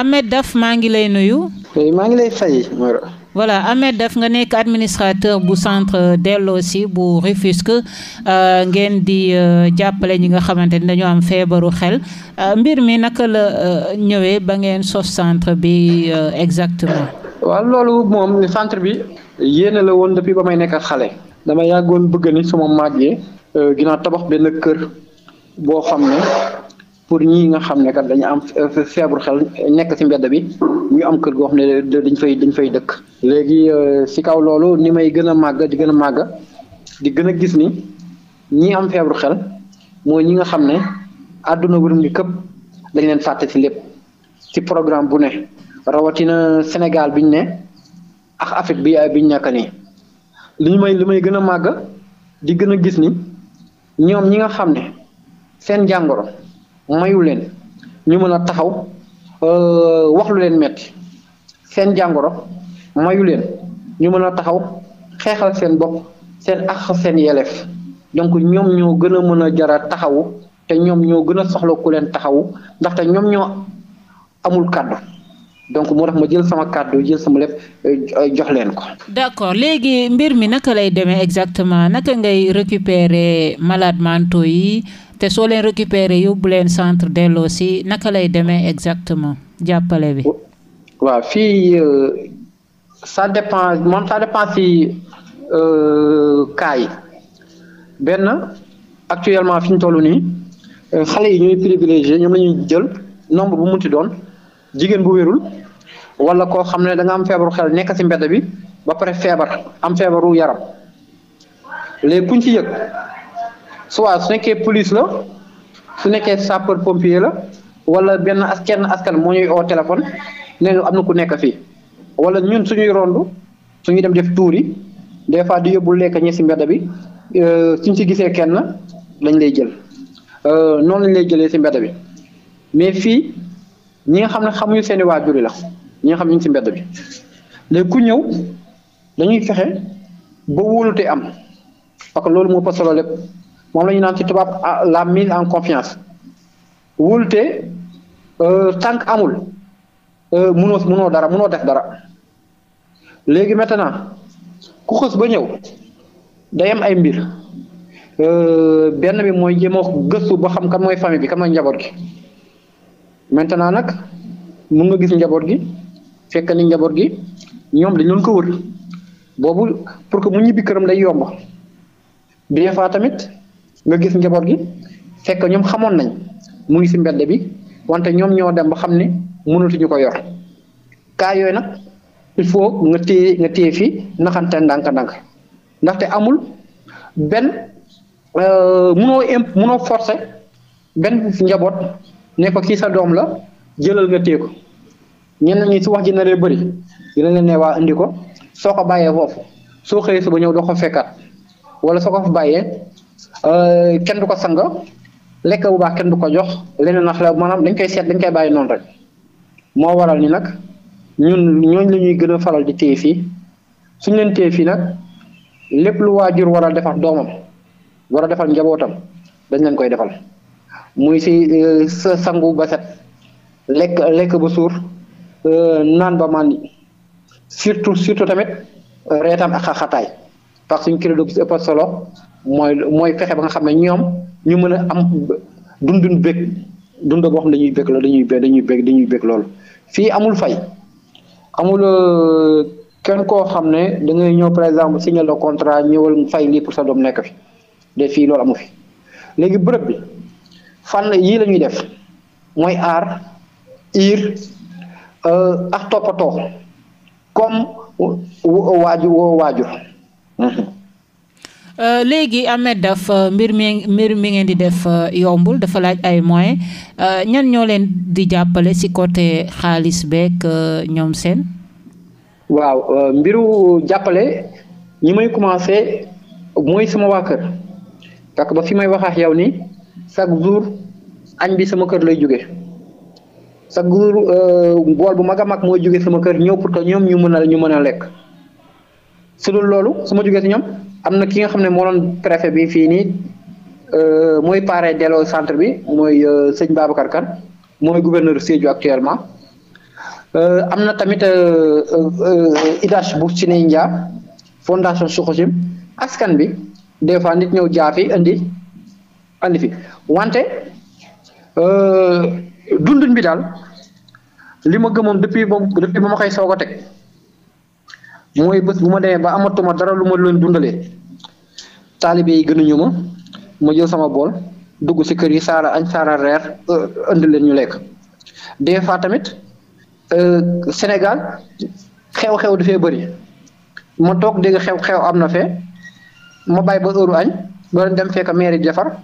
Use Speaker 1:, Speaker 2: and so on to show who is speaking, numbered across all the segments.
Speaker 1: Ahmed Daf maa ngi lay nuyu.
Speaker 2: maa ngi lay fay.
Speaker 1: voilà Ahmed Daf nga nekk administrateur bu centre Delossi bu Rufisque euh, ngeen di euh, jàppale ñi nga xamante ni dañoo am feebaru xel euh, mbir mi naka la ñëwee ba ngeen sos centre bi exactement.
Speaker 2: waaw loolu moom centre bi. yéene la woon depuis ba may nekk xale. dama yàggoon bëgg ni suma màggee. ginnaaw tabax benn kër boo xam ne. pour ñi nga xam ne kat dañu am feebaru xel nekk ci mbedd bi ñu am kër goo xam ne dañ fay dañ fay dëkk. léegi si euh, kaw loolu ni may gën a màgg di gën a màgg di gën a gis ni ñi am feebaru xel mooy ñi nga xam ne àdduna wër ngi dañ leen fàtte ci lépp ci programme bu ne rawatina Sénégal biñ ne ak Afrique bi biñ nekk nii li li may gën a màgg di gën a gis ni ñoom ñi nga xam ne seen jàngoro. mayu leen ñu mën a taxaw euh, wax leen metti seen jàngoro mayu leen ñu mën a taxaw xeexal seen bopp seen ak seen yelef donc ñoom ñoo gën a mën a jara taxawu te ñoom ñoo gën a soxla ku leen taxawu ndaxte ñoom ñoo amul kàddu donc moo tax ma jël sama kàddu jël sama lépp euh, jox leen ko.
Speaker 1: d'accord léegi mbir mi naka lay demee exactement naka ngay récupérer malades mentaux yi. te soo leen récupérer yóbbu leen centre delloo si naka lay demee exactement
Speaker 2: jàppale bi. waaw fii euh, ça dépend moom ça dépend si euh, cas benn actuellement fi ñu toll nii euh, xale yi ñooy privilégié ñoom la jël nombre bu munti doon jigéen bu wérul wala koo xam ne danga am feebaru xel nekk si mbedd bi ba pare feebar am feebaru yaram léegi kuñ ci yëg. soit su nekkee police la su nekkee sapeur pompier la wala benn as kenn askan moo ñuy oo téléphone ne am na ku nekk fii wala ñun suñuy rond suñuy dem def tuur yi des fois di yóbbul lekk ñi si mbedd bi euh, suñ si gisee kenn lañ lay jël euh, noonu lañ lay jëlee si mbedd bi mais fii ñi nga xam ne xamuñu seeni waajur yi la ñi xam ñu si mbedd bi léegi ku ñëw dañuy fexe ba wóolute am parce que loolu moo pas solo lépp. moom la ñu naan ci tubaab ah, la mise en confiance wulte euh, tànk amul euh, mënoo mënoo dara mënoo def dara léegi maintenant ku xës ba ñëw day am ay mbir euh, benn bi mooy jéem gëstu ba xam kan mooy famille bi kan mooy njaboot gi maintenant nag mun nga gis njaboot gi fekk ni njaboot gi ñoom dañ doon ko wër boobu pour que mu ñibbi këram day yomb des fois tamit. nga gis njaboot gi fekk ñoom xamoon nañ mu ngi si mbedd bi wante ñoom ñoo dem ba xam ne mënatuñu ko yor cas yooyu na il faut nga téye nga téye fii naxante ndànk-ndànk ndaxte amul benn euh, munoo imp munoo forcer benn njaboot ne ko kii sa doom la jëlal nga téye ko ñi si wax ji naree bëri dina leen ne waa indi ko soo ko bàyyee foofu soo xëyee suba ñëw doo ko fekkaat wala soo ko fa bàyyee. Euh, kenn du ko sango lekk bu baax kenn du ko jox leneen nax maanaam dañ koy seet dañ koy bàyyi noonu moo waral ni nag ñun ñooñ la gën a faral di téye fii suñ leen téye fii nag lépp lu waajur war a defal doomam war a defal njabootam dañ leen koy defal muy si euh, sangu ba set lekk lekk ba suur euh, naan ba màndi surtout surtout tamit reetaan ak xaxataay parce que suñ kilo bi si solo mooy mooy fexe ba nga xam ne ñoom ñu mën a am dundun bëgg dund boo xam dañuy bëgg loolu dañuy bëgg dañuy bëgg dañuy bëgg fii amul fay amul euh, kenn koo xam ne dangay ñëw par exemple signé le contrat ñëwal fay lii pour sa doom nekk fi de fii loolu amu fi léegi bërëb bi fànn yii la ñuy def mooy aar iir euh, ak toppatoo comme waaju woo waajur
Speaker 1: Euh, léegi Ahmed Daf euh, mbir mi mbir mi ngeen di def euh, yombul dafa laaj ay moyens ñan ñoo leen di jàppale si côté xaalis beeg ñoom seen.
Speaker 2: waaw mbiru jàppale ñu may commencé mooy sama waa kër parce ba fi may wax ak yow ni chaque jour añ bi sama kër lay jóge chaque jour bool bu mag a mag mooy jóge sama kër ñëw pour que ñoom ñu mën a ñu mën a lekk su dul loolu su ma jógee si ñoom. am na ki nga xam ne moo doon préfet bi fii nii euh, mooy pare delloo centre bi mooy euh, sëñ Babacar Kane mooy gouverneur Sédhiou actuellement euh, am na tamit IDAH bu Sine Ndia fondation Sococim askan bi des fois nit ñëw jaafi indi andi fi wante dundin bi daal li ma gëmoon depuis ba depuis ba ma koy teg. mooy bés bu ma demee ba amatuma dara lu ma leen dundalee taalibe yi gënuñu ma ma jël sama bool dugg ci kër yi saara añ saara reer euh, indi leen ñu lekk des fois tamit euh, Sénégal xew-xew dafee bari ma toog dégg xew-xew am na fee ma bàyyi ba heure añ ba dem fekk mairie di defar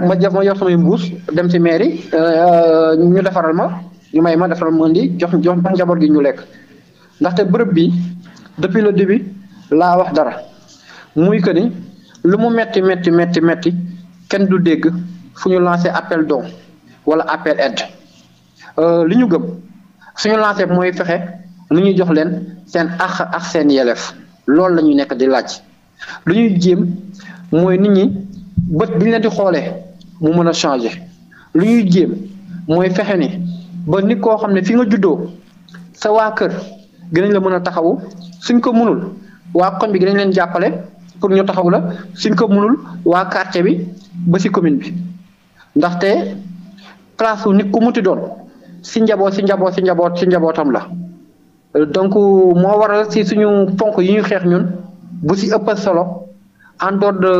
Speaker 2: ma jëf ma yor samay mbuus dem ci mairie euh, ñu defaral ma ñu may ma defaral ma indi jox jox njaboot gi ñu lekk ndaxte bërëb bi. depuis le début laa wax dara muy que lu mu metti metti metti metti kenn du dégg fu ñu lancé appel don wala appel aide euh, li ñu gëm suñu lancé mooy fexe nu ñuy jox leen seen ax ak yelef loolu la ñu nekk di laaj lu ñuy jéem mooy nit ñi bët bi ñu leen di xoolee mu mën a changé lu ñuy jéem mooy fexe ni ba nit koo xam ne fi nga juddoo sa waa kër gënañ la mën a taxawu suñ ko mënul waa koñ bi dinañ leen jàppale pour ñu taxaw la suñ ko munul waa quartier bi ba si commune bi ndaxte place wu nit ku muti doon si njaboot si njaboot si njaboot si njabootam la donc moo waral si suñu ponk yi ñu xeex ñun bu si ëppal solo en dehors de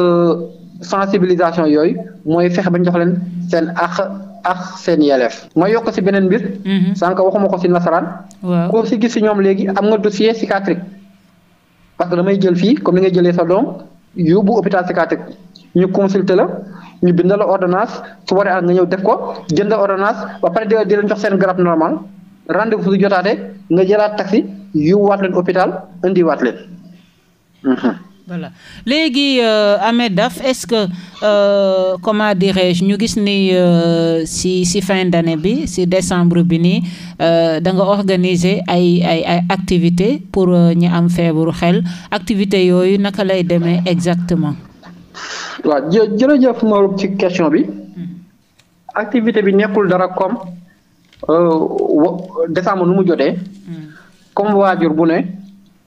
Speaker 2: sensibilisation yooyu mooy fexe ba ñu jox leen seen àq ak seen yelleef ma yokk si beneen mbir. Mhm. sànq waxuma ko si nasaraan. waaw si gis si ñoom léegi am nga dossier psychiatrique parce que damay jël fii comme ni nga jëlee sa doom yóbbu hôpital psychiatrique ñu consulter la ñu bindal la ordonnance su waree at nga ñëw def ko jënd ordonnance ba pare di leen jox seen garab normal rendez-vous su jotaate nga jëlaat taxi yóbbuwaat leen hôpital indiwaat leen.
Speaker 1: Mhm. voilà léegi euh, Ahmed Daf est-ce que euh, comment dirais-je ñu gis ni euh, si si fin d'année bi si décembre bi nii euh, da nga organiser ay ay ay activités pour euh, ñi am feebaru xel activités yooyu naka lay demee exactement.
Speaker 2: waaw jë jërëjëf Maodo ci question bi. activité bi nekkul dara comme euh, décembre nu mu jotee. Hmm. comme waajur bu ne.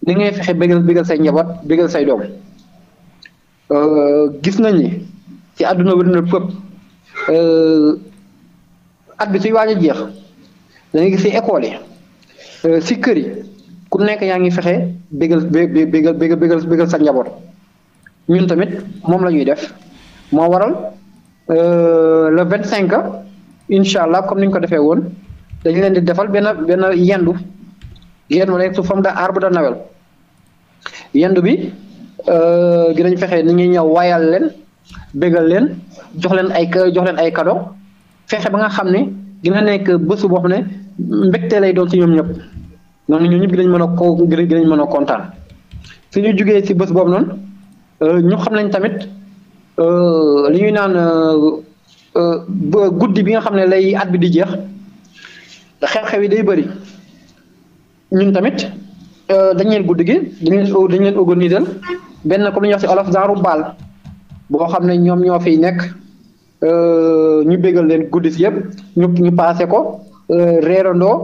Speaker 2: li ngay fexe bégal bégal say njaboot bégal say doom euh, gis nañ ni ci àdduna wér na pëpp euh, at bi suy waaj a jeex da ngay gis si école yi si euh, kër yi ku nekk yaa ngi fexe bégal bégal bégal bégal sa njaboot ñun tamit moom la ñuy def moo waral le vingt cinq incha allah comme ni ñu ko defee woon dañ leen di defal benn benn yendu yendu rek su daa de arbre de Noël yendu bi euh, dinañ fexe ni ñu ñëw wayal leen bégal leen jox leen ay jox leen ay cadeau fexe ba nga xam ne dina nekk bésu boo xam ne mbégte lay doon ci ñoom ñëpp noonu ñoom ñëpp dinañ mën a ko dinañ mën a kontaan su ñu jugee ci bés boobu noonu euh, ñu xam nañ tamit euh, li ñuy naan guddi bi nga xam ne lay at bi di jeex xew-xew yi day bëri ñun tamit. Euh, dañ leen guddi gi dañ leen dañ benn comme li ñuy wax ci olof genre baal boo xam ne ñoom ñoo fiy nekk euh, ñu bégal leen guddi si yëpp ñu ñu paase ko euh, reerandoo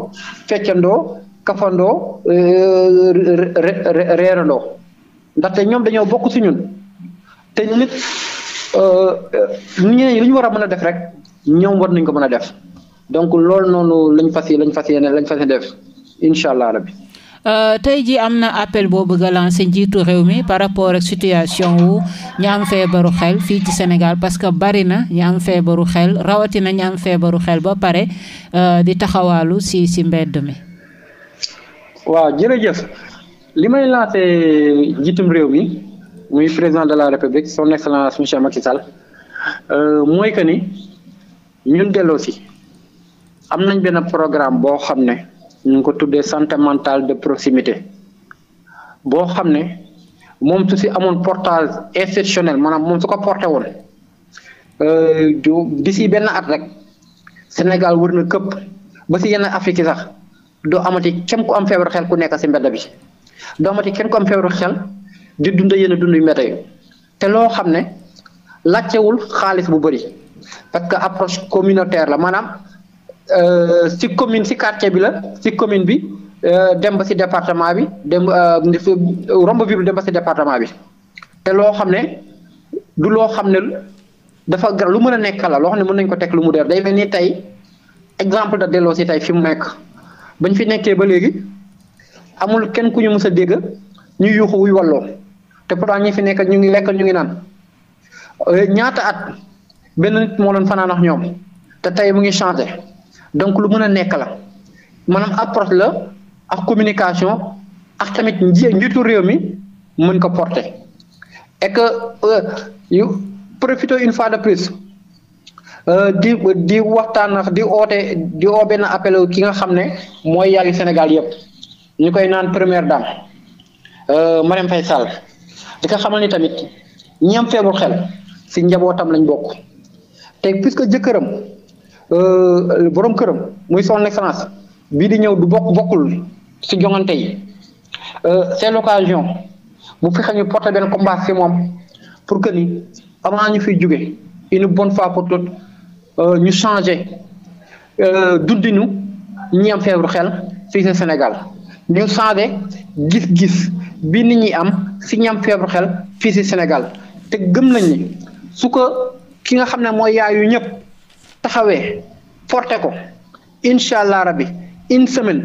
Speaker 2: feccandoo kafandoo reerandoo ndaxte ñoom dañoo bokk si ñun te nit ñeneen ñi li ñu war mën a def rek ñoom war nañ ko mën a def donc loolu noonu lañ fas yi lañ fas yéene lañ fas yéene def incha allah rabbi
Speaker 1: Euh, tey ji am na appel boo bëgg a njiitu réew mi par rapport ak situation wu ñi am feebaru xel fii ci Sénégal parce que bari na ñi am feebaru xel rawatina ñi am feebaru xel ba pare euh, di taxawaalu si si mbedd mi.
Speaker 2: waaw jërëjëf li may lancer njiitum réew mi muy président de la république son excellence monsieur Macky Sall euh, mooy que ni ñun delloo si am nañ benn programme boo xam ne. ñu ngi ko tuddee santé mentale de proximité boo xam ne moom su si amoon portage institutionnel maanaam moom su ko porté woon euh, du d'ici benn at rek Sénégal wër këpp ba si yenn Afrique sax doo amati kenn ku am feebaru xel ku nekk si mbedd bi doo kenn ku am feebaru xel di dund yenn dund yu te loo xam ne laajtewul xaalis bu bëri parce que approche communautaire la maanaam. Euh, si commune si quartier bi la si commune bi euh, dem ba si département bi dem euh, romb ville dem ba si département bi te loo xam ne du loo xam ne dafa gar lu mën a nekk la loo xam ne mën nañ ko teg lu mu der day mel ni tey exemple da delloo si tey fi mu nekk bañ fi nekkee ba léegi amul kenn ku ñu mës a dégg ñu yuuxu wuy walloo te pourtant ñi fi nekk ñu ngi lekk ñu ngi naan ñaata at benn nit moo doon fanaan ak ñoom te tey mu ngi changé. donc lu mën a nekk la maanaam approche la ak communication ak tamit njiitu réew mi mën ko porter et que euh, profité une fois de plus euh, di di waxtaan di oote di oo benn appel ki nga xam ne mooy yaayu Sénégal yëpp ñu koy naan première dame euh, Marème Faye Sall di ko xamal ni tamit ñi am xel si njabootam lañ bokk te puisque jëkkëram. Euh, borom këram muy son excellence bii di ñëw du bokk bokkul ci joŋante yi euh, c'est l'occasion bu fexe ñu porter benn combat ci moom pour que ni a ñu fiy jóge une bonne fois pour toutes euh, ñu changer dundinu ñi am feebaru xel fii ci Sénégal ñu changer gis-gis bi nit ñi am ci ñi am xel fii ci Sénégal te gëm nañ ni su ko ki nga xam ne mooy yaayu ñëpp. taxawee forte ko incha allah rabi une semaine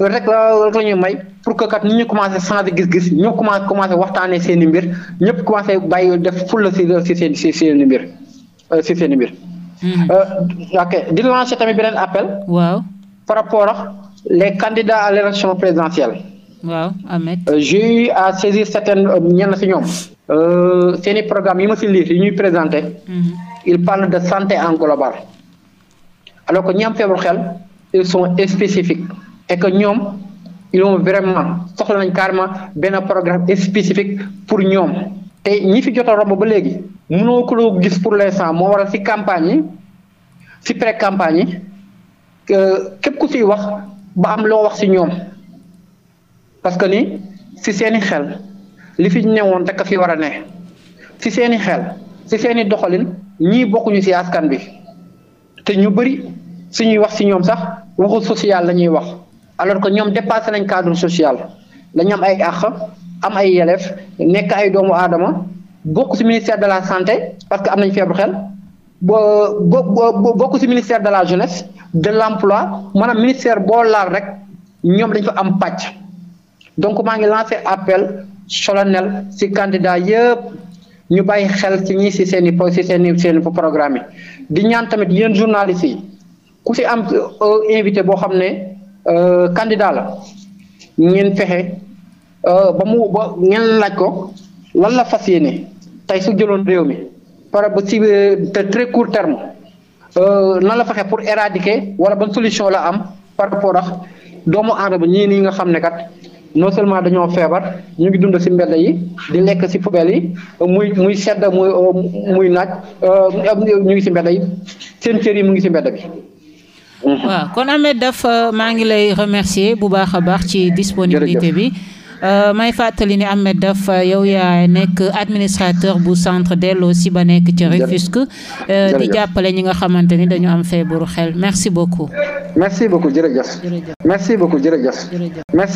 Speaker 2: rek la rek la ñuy may pour que kat ni ñu commencé changer gis-gis ñu commencé commencé waxtaanee seen i mbir ñëpp commencé bàyyi def fulla si si seen si i mbir euh, si seen mbir. Hmm. Euh, ok di tamit beneen appel. waaw par rapport ak les candidats à l' élection waaw Ahmed. Euh, j'ai eu à saisir certaines ñenn si ñoom. seen programme yi ma si lire ñuy présenté. Hmm. il parle de santé en global alors que ñi am xel ils sont spécifiques et que ñoom ils ont vraiment soxla nañ carrément benn programme spécifique pour ñoom te ñi fi jot romb ba léegi mënoo ko gis pour l'instant moo waral ci campagne yi ci pré campagne képp ku ciy wax ba am loo wax ci ñoom parce que ni ci seeni xel li fi newoon rek a fi war a ne ci seeni xel. si seeni doxalin ñii bokkuñu si askan bi te ñu bëri suñuy wax si ñoom sax waxu social la ñuy wax alors que ñoom dépassé nañ cadre social dañu am ay àq am ay yelef nekk ay doomu aadama bokk si ministère de la santé parce que am nañ feebu xel bo bokk si ministère de la jeunesse de l' emploi maanaam ministère boo laal rek ñoom dañ fa am pàcc donc maa ngi lancé appel solennel si candidat yëpp ñu bàyyi xel ci ñi si seen i po si seen seen i programme di ñaan tamit yéen journalistes yi ku si am euh, invité boo xam ne euh, candidat la ngeen fexe euh, ba mu ba ngeen laaj ko lan la fas yéene tey su jëloon réew mi par ba si te très court terme nan la fexe pour éradiquer wala ban solution la am par rapport ak doomu aadama ñii nii nga xam ne kat. non seulement dañoo feebar ñu ngi dund ci mbedd yi di lekk ci poubelle yi muy muy sedd muy muy naaj euh, ñu ngi ci mbedd yi seen cër yi mu ngi ci mbedd bi.
Speaker 1: waaw kon Ahmed Daf euh, maa ngi lay remercier bu baax a baax ci disponibilité bi. Uh, may fàttali ni Ahmed Daf euh, yow yaa nekk administrateur bu centre Delossi ba nekk ci Rufisque di jàppale ñi nga xamante ni dañu am feebaru xel merci beaucoup.
Speaker 2: merci beaucoup jërëjëf. jërëjëf merci beaucoup jërëjëf.